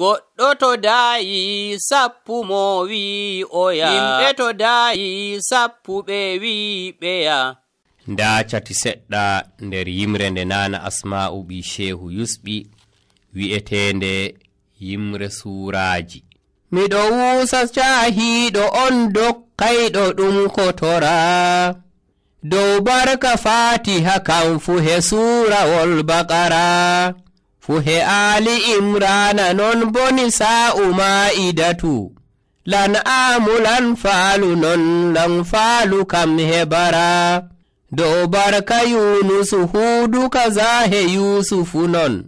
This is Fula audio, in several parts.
goɗɗo to daayi sappu mo wii oya yimɓe to daayi sappu ɓe wii ɓeya nda cati seɗɗa nder yimre nde nana asma'u ɓi shehu yusɓi wi'etende yimre suuraji miɗo wuusa cahiiɗo on dokkayɗo ɗum kotora dow barka faatiha kam fu he suurawol bakara fuhe ali imrana non boni Lan amu lan falu non falu kam hebara Do barka hudu kaza kazahe yusufu non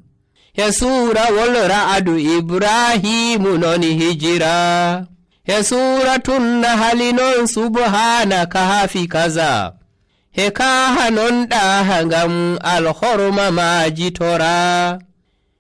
he wal ra'adu ibrahimu non hijira he suratun hali non subhana kahafi kaza he kaha non ɗaha ngam alhorma majitora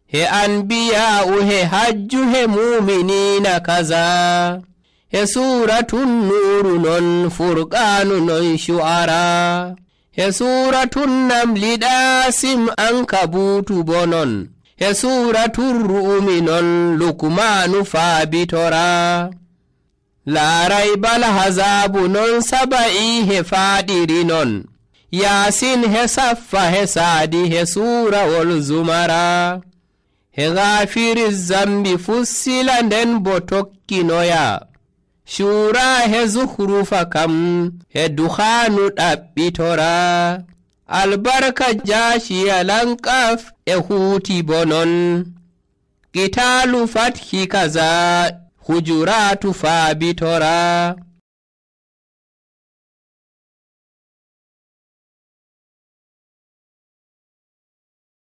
he anbiya'u he hajju he muminina kaza he suratun nuru non furqanu non shu'ara he suratun namliɗasim ankabutu bonon he suratun ru'umi non lukmanu faabitora laaray bal hazabu non saba'i he faaɗiri non yasin he saffa he saadi he suurawol zumara hegafiri zambi fussila nden bo shura he zuhrufa kam he duhanu ɗaɓɓitora albarka jashiya lanƙaf e huuti bo non kitalu fathi kaza hujuratu faabitora